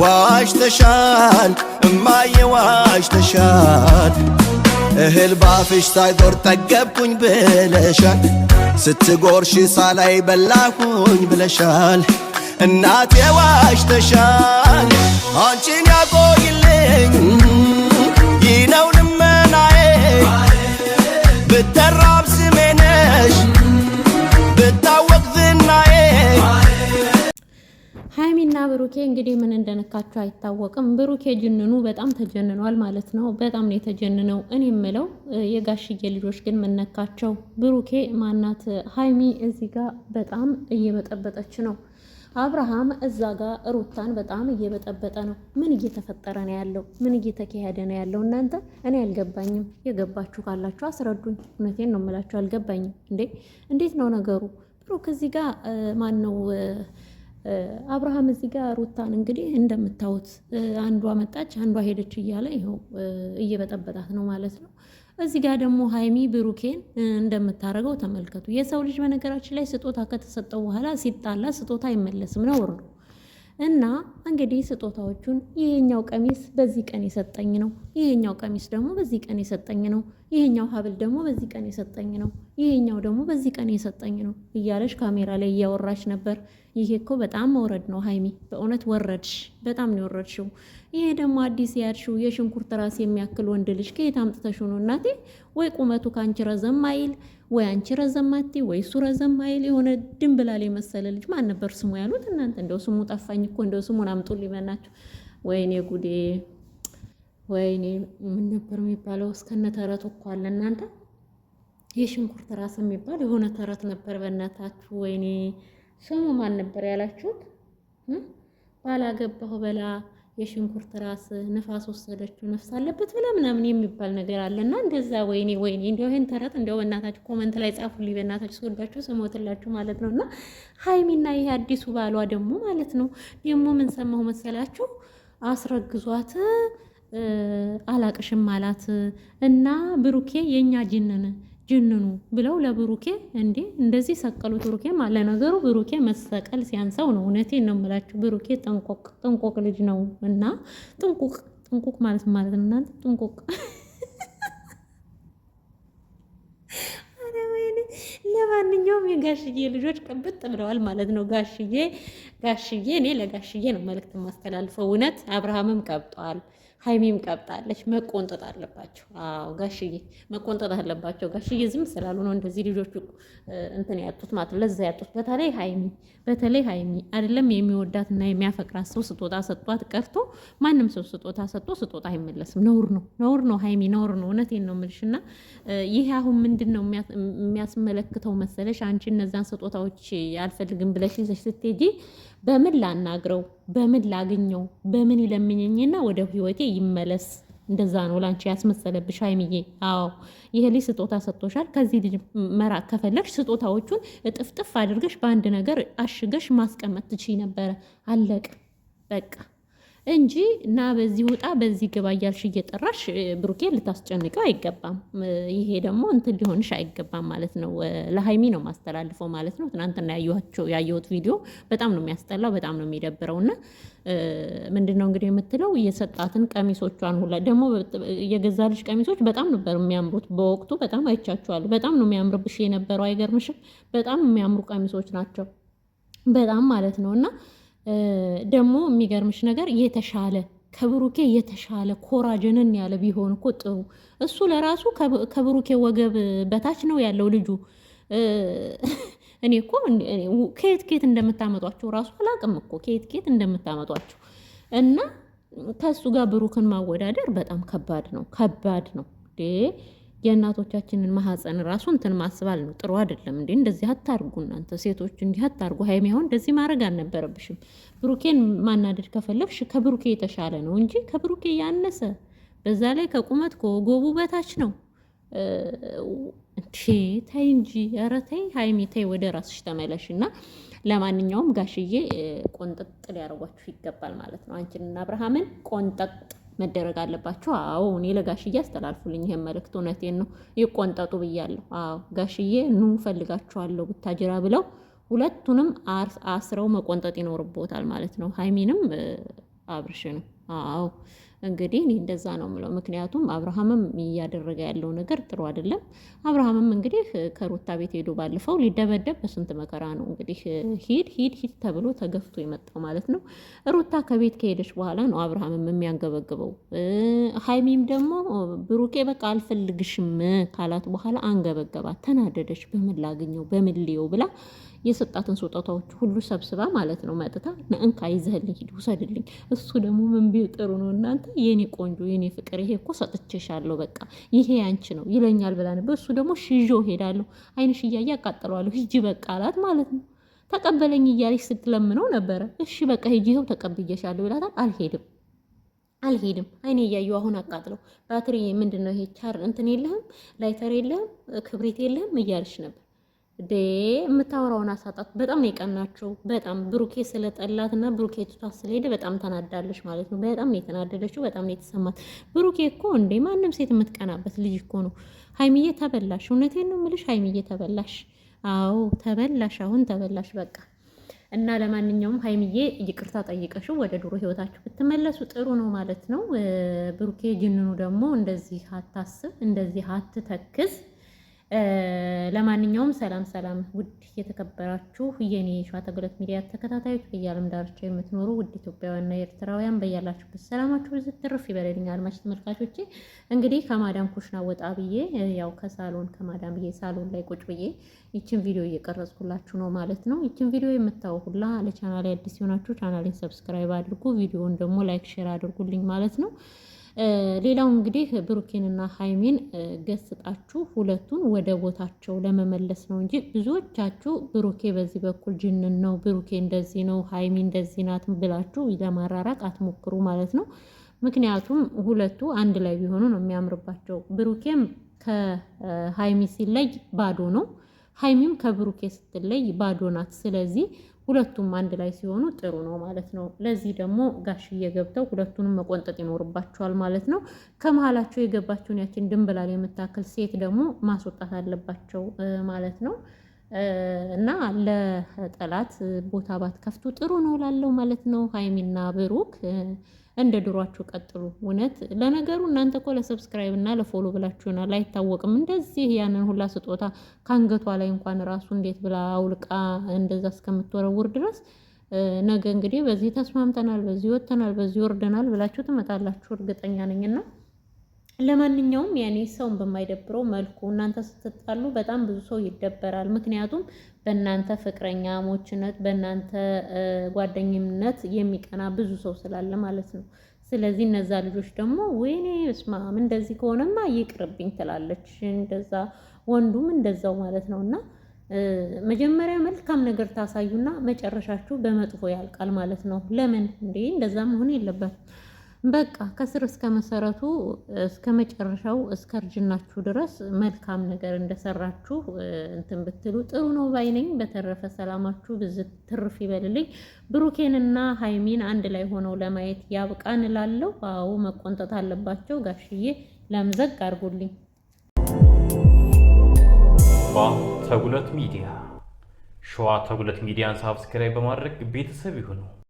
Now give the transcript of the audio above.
ዋሽተሻል እማዬ ዋሽተሻል እህል ባፍሽ ሳይዞር ጠገብኩኝ ብለሻል ስትጎርሽ ሳላይ በላኩኝ ብለሻል እናቴ ዋሽተሻል አንቺን ያቆይልኝ ይነው ልመናዬ ብተራብ ሀይሚና ብሩኬ እንግዲህ ምን እንደነካቸው አይታወቅም። ብሩኬ ጅንኑ በጣም ተጀንኗል ማለት ነው። በጣም ነው የተጀንነው። እኔ የምለው የጋሽዬ ልጆች ግን ምንነካቸው ብሩኬ ማናት ሀይሚ እዚህ ጋር በጣም እየበጠበጠች ነው። አብርሃም እዛ ጋር ሩታን በጣም እየበጠበጠ ነው። ምን እየተፈጠረ ነው ያለው? ምን እየተካሄደ ነው ያለው? እናንተ እኔ አልገባኝም። የገባችሁ ካላችሁ አስረዱኝ። እውነቴን ነው የምላችሁ፣ አልገባኝም። እንዴ እንዴት ነው ነገሩ? ብሩክ እዚህ ጋር ማን ነው አብርሃም እዚህ ጋር ሩታን እንግዲህ እንደምታዩት አንዷ መጣች፣ አንዷ ሄደች እያለ ይኸው እየበጠበጣት ነው ማለት ነው። እዚህ ጋር ደግሞ ሀይሚ ብሩኬን እንደምታደርገው ተመልከቱ። የሰው ልጅ በነገራችን ላይ ስጦታ ከተሰጠው በኋላ ሲጣላ ስጦታ አይመለስም ነው እና እንግዲህ ስጦታዎቹን ይሄኛው ቀሚስ በዚህ ቀን የሰጠኝ ነው፣ ይሄኛው ቀሚስ ደግሞ በዚህ ቀን የሰጠኝ ነው፣ ይሄኛው ሀብል ደግሞ በዚህ ቀን የሰጠኝ ነው፣ ይሄኛው ደግሞ በዚህ ቀን የሰጠኝ ነው እያለች ካሜራ ላይ እያወራች ነበር። ይሄ እኮ በጣም መውረድ ነው ሀይሚ፣ በእውነት ወረድሽ፣ በጣም ነው የወረድሽው። ይሄ ደግሞ አዲስ ያድሽው የሽንኩርት ራስ የሚያክል ወንድ ልጅ ከየት አምጥተሽ ነው እናቴ? ወይ ቁመቱ ከአንቺ ረዘም አይል ወይ አንቺ ረዘማቴ ወይ እሱ ረዘም አይል የሆነ ድንብላል የመሰለ ልጅ ማን ነበር ስሙ ያሉት እናንተ? እንደው ስሙ ጠፋኝ እኮ እንደው ስሙን አምጡልኝ በናችሁ። ወይኔ ጉዴ፣ ወይኔ ምን ነበር የሚባለው? እስከነ ተረት እኮ አለ እናንተ። የሽንኩርት ራስ የሚባል የሆነ ተረት ነበር በእናታችሁ። ወይኔ ስሙ ማን ነበር ያላችሁት? ባላገባሁ በላ የሽንኩርት ራስ ንፋስ ወሰደችው ነፍስ አለበት ብለ ምናምን የሚባል ነገር አለ እና እንደዛ። ወይኔ ወይኔ፣ እንዲያው ይህን ተረት እንዲያው በእናታችሁ ኮመንት ላይ ጻፉልኝ። በእናታችሁ ስወዳችሁ ስሞትላችሁ ማለት ነው። እና ሀይሚና ይህ አዲሱ ባሏ ደግሞ ማለት ነው ደግሞ ምን ሰማሁ መሰላችሁ? አስረግዟት አላቅሽም አላት እና ብሩኬ የእኛ ጅንን ጅንኑ ብለው ለብሩኬ እንዴ እንደዚህ ሰቀሉት። ብሩኬማ ለነገሩ ብሩኬ መሰቀል ሲያንሰው ነው። እውነቴ ነው የምላችሁ። ብሩኬ ጥንቁቅ ጥንቁቅ ልጅ ነው እና ጥንቁቅ ጥንቁቅ ማለት ማለት ነው እናንተ ጥንቁቅ ለማንኛውም የጋሽዬ ልጆች ቅብጥ ብለዋል ማለት ነው። ጋሽዬ ጋሽዬ እኔ ለጋሽዬ ነው መልእክት የማስተላልፈው። እውነት አብርሃምም ቀብጧል። ሀይሚም ቀብጣለች። መቆንጠጥ አለባቸው። አዎ ጋሽዬ መቆንጠጥ አለባቸው። ጋሽዬ ዝም ስላሉ ነው እንደዚህ ልጆቹ እንትን ያጡት ማለት ለዛ ያጡት። በተለይ ሀይሚ በተለይ ሀይሚ አይደለም የሚወዳት እና የሚያፈቅራት ሰው ስጦታ ሰጧት ቀርቶ ማንም ሰው ስጦታ ሰጥቶ ስጦታ አይመለስም። ነውር ነው፣ ነውር ነው። ሀይሚ ነውር ነው። እውነቴን ነው የምልሽ። እና ይህ አሁን ምንድን ነው የሚያስመለክተው መሰለሽ? አንቺ እነዛን ስጦታዎች አልፈልግም ብለሽ ይዘሽ ስትሄጂ በምን ላናግረው፣ በምን ላግኘው፣ በምን ይለምኘኝና ወደ ህይወቴ ይመለስ? እንደዛ ነው ላንቺ ያስመሰለብሽ ሀይሚዬ። አዎ ይሄ ልጅ ስጦታ ሰጥቶሻል። ከዚህ ልጅ መራቅ ከፈለግሽ ስጦታዎቹን እጥፍጥፍ አድርገሽ በአንድ ነገር አሽገሽ ማስቀመጥ ትችይ ነበረ። አለቅ በቃ። እንጂ እና በዚህ ውጣ በዚህ ግባ እያልሽ እየጠራሽ ብሩኬ ልታስጨንቀው አይገባም። ይሄ ደግሞ እንትን ሊሆንሽ አይገባም ማለት ነው። ለሀይሚ ነው ማስተላልፈው ማለት ነው። ትናንትና ያየሁት ቪዲዮ በጣም ነው የሚያስጠላው፣ በጣም ነው የሚደብረው። እና ምንድን ነው እንግዲህ የምትለው የሰጣትን ቀሚሶቿን ሁላ ደግሞ የገዛ ልጅ ቀሚሶች በጣም ነበር የሚያምሩት። በወቅቱ በጣም አይቻችኋለሁ። በጣም ነው የሚያምርብሽ የነበረው አይገርምሽም? በጣም የሚያምሩ ቀሚሶች ናቸው። በጣም ማለት ነው እና ደግሞ የሚገርምሽ ነገር የተሻለ ከብሩኬ የተሻለ ኮራ ጀነን ያለ ቢሆን እኮ ጥሩ። እሱ ለራሱ ከብሩኬ ወገብ በታች ነው ያለው ልጁ። እኔ እኮ ከየት ኬት እንደምታመጧቸው ራሱ አላቅም እኮ ከየት ኬት እንደምታመጧቸው እና ከእሱ ጋር ብሩክን ማወዳደር በጣም ከባድ ነው፣ ከባድ ነው። የእናቶቻችንን ማህፀን ራሱ እንትን ማስባል ነው፣ ጥሩ አይደለም። እንዴ እንደዚህ አታርጉ እናንተ ሴቶች እንዲህ አታርጉ። ሀይሚ አሁን እንደዚህ ማድረግ አልነበረብሽም። ብሩኬን ማናደድ ከፈለግሽ ከብሩኬ የተሻለ ነው እንጂ ከብሩኬ ያነሰ፣ በዛ ላይ ከቁመት ከወገቡ በታች ነው። ተይ እንጂ ኧረ ተይ ሀይሚ ተይ፣ ወደ ራስሽ ተመለሽ እና ለማንኛውም ጋሽዬ ቆንጠጥ ሊያደርጓችሁ ይገባል ማለት ነው። አንቺንና አብርሃምን ቆንጠጥ መደረግ አለባቸው። አዎ እኔ ለጋሽዬ አስተላልፉልኝ ይህን መልእክት። እውነቴን ነው ይቆንጠጡ ብያለሁ። አዎ ጋሽዬ ኑ ፈልጋችኋለሁ ብታጅራ ብለው ሁለቱንም አስረው መቆንጠጥ ይኖርቦታል ማለት ነው። ሀይሚንም አብርሽንም አዎ እንግዲህ እኔ እንደዛ ነው የምለው። ምክንያቱም አብርሃምም እያደረገ ያለው ነገር ጥሩ አይደለም። አብርሃምም እንግዲህ ከሩታ ቤት ሄዶ ባለፈው ሊደበደብ በስንት መከራ ነው እንግዲህ ሂድ ሂድ ሂድ ተብሎ ተገፍቶ የመጣው ማለት ነው። ሩታ ከቤት ከሄደች በኋላ ነው አብርሃምም የሚያንገበግበው። ሀይሚም ደግሞ ብሩቄ በቃ አልፈልግሽም ካላት በኋላ አንገበገባት፣ ተናደደች። በምን ላገኘው በምን ልየው ብላ የሰጣትን ስጦታዎች ሁሉ ሰብስባ ማለት ነው መጥታ ነእንካ ይዘህልኝ ሂድ ውሰድልኝ። እሱ ደግሞ ምን ጥሩ ነው እናንተ የኔ ቆንጆ የኔ ፍቅር ይሄ እኮ ሰጥቼሻለሁ በቃ ይሄ አንቺ ነው ይለኛል ብላ ነበር። እሱ ደግሞ ሽዦ ሄዳለሁ አይንሽ እያየ አቃጠለዋለሁ ሂጂ በቃ አላት ማለት ነው። ተቀበለኝ እያለች ስትለምነው ነበረ። እሺ በቃ ሂጂ ይኸው ተቀብዬሻለሁ ብላታል። አልሄድም አልሄድም አይኔ እያዩ አሁን አቃጥለው ባትሪ ምንድን ነው ይሄ ቻር እንትን የለህም ላይተር የለህም ክብሪት የለህም እያለች ነበር ዴ የምታወራውን አሳጣት። በጣም ነው የቀናችው። በጣም ብሩኬ ስለጠላትና ብሩኬ ቱታ ስለሄደ በጣም ተናዳለች ማለት ነው። በጣም ነው የተናደደችው። በጣም ነው የተሰማት። ብሩኬ እኮ እንዴ ማንም ሴት የምትቀናበት ልጅ እኮ ነው። ሀይሚዬ ተበላሽ። እውነቴን ነው የምልሽ ሀይሚዬ ተበላሽ። አዎ ተበላሽ። አሁን ተበላሽ በቃ። እና ለማንኛውም ሀይሚዬ ይቅርታ ጠይቀሽው ወደ ድሮ ህይወታችሁ ብትመለሱ ጥሩ ነው ማለት ነው። ብሩኬ ጅንኑ ደግሞ እንደዚህ አታስብ፣ እንደዚህ አትተክዝ። ለማንኛውም ሰላም ሰላም፣ ውድ የተከበራችሁ የኔ ሸዋ ተገለት ሚዲያ ተከታታዮች በየዓለም ዳርቻ የምትኖሩ ውድ ኢትዮጵያውያንና ኤርትራውያን በያላችሁበት ሰላማችሁ ዝትርፍ ትርፍ አድማጭ ተመልካቾቼ እንግዲህ ከማዳም ኩሽና ወጣ ብዬ ያው ከሳሎን ከማዳም ብዬ ሳሎን ላይ ቁጭ ብዬ ይችን ቪዲዮ እየቀረጽኩላችሁ ነው ማለት ነው። ይችን ቪዲዮ የምታወ ሁላ ለቻናሌ አዲስ ሲሆናችሁ ቻናሌን ሰብስክራይብ አድርጉ፣ ቪዲዮውን ደግሞ ላይክ ሼር አድርጉልኝ ማለት ነው። ሌላው እንግዲህ ብሩኬንና ሀይሚን ገስጣችሁ ሁለቱን ወደ ቦታቸው ለመመለስ ነው እንጂ ብዙዎቻችሁ ብሩኬ በዚህ በኩል ጅንን ነው፣ ብሩኬ እንደዚህ ነው፣ ሀይሚ እንደዚህ ናት ብላችሁ ለማራራቅ አትሞክሩ ማለት ነው። ምክንያቱም ሁለቱ አንድ ላይ ቢሆኑ ነው የሚያምርባቸው። ብሩኬም ከሀይሚ ሲለይ ባዶ ነው፣ ሀይሚም ከብሩኬ ስትለይ ባዶ ናት። ስለዚህ ሁለቱም አንድ ላይ ሲሆኑ ጥሩ ነው ማለት ነው። ለዚህ ደግሞ ጋሽዬ ገብተው ሁለቱንም መቆንጠጥ ይኖርባቸዋል ማለት ነው። ከመሀላቸው የገባችውን ያችን ድንብላል የምታክል ሴት ደግሞ ማስወጣት አለባቸው ማለት ነው። እና ለጠላት ቦታ ባትከፍቱ ጥሩ ነው ላለው ማለት ነው። ሀይሚና ብሩክ እንደ ድሯችሁ ቀጥሉ። እውነት ለነገሩ እናንተ እኮ ለሰብስክራይብ እና ለፎሎ ብላችሁና አይታወቅም። እንደዚህ ያንን ሁላ ስጦታ ከአንገቷ ላይ እንኳን ራሱ እንዴት ብላ አውልቃ እንደዛ እስከምትወረውር ድረስ ነገ እንግዲህ በዚህ ተስማምተናል፣ በዚህ ወጥተናል፣ በዚህ ወርደናል ብላችሁ ትመጣላችሁ እርግጠኛ ነኝና ለማንኛውም ያኔ ሰውን በማይደብረው መልኩ እናንተ ስትጣሉ በጣም ብዙ ሰው ይደበራል። ምክንያቱም በእናንተ ፍቅረኛሞችነት በእናንተ ጓደኝነት የሚቀና ብዙ ሰው ስላለ ማለት ነው። ስለዚህ እነዛ ልጆች ደግሞ ወይኔ ስማም እንደዚህ ከሆነማ ይቅርብኝ ትላለች። እንደዛ ወንዱም እንደዛው ማለት ነው። እና መጀመሪያ መልካም ነገር ታሳዩና መጨረሻችሁ በመጥፎ ያልቃል ማለት ነው። ለምን እንዴ እንደዛ መሆን የለበትም። በቃ ከስር እስከ መሰረቱ እስከ መጨረሻው እስከ እርጅናችሁ ድረስ መልካም ነገር እንደሰራችሁ እንትን ብትሉ ጥሩ ነው ባይነኝ። በተረፈ ሰላማችሁ ብዝ ትርፍ ይበልልኝ። ብሩኬንና ሀይሚን አንድ ላይ ሆነው ለማየት ያብቃን እላለሁ። አዎ መቆንጠጥ አለባቸው። ጋሽዬ ለምዘግ አድርጉልኝ። ተጉለት ሚዲያ ሸዋ ተጉለት ሚዲያን ሳብስክራይብ በማድረግ ቤተሰብ ይሁነው።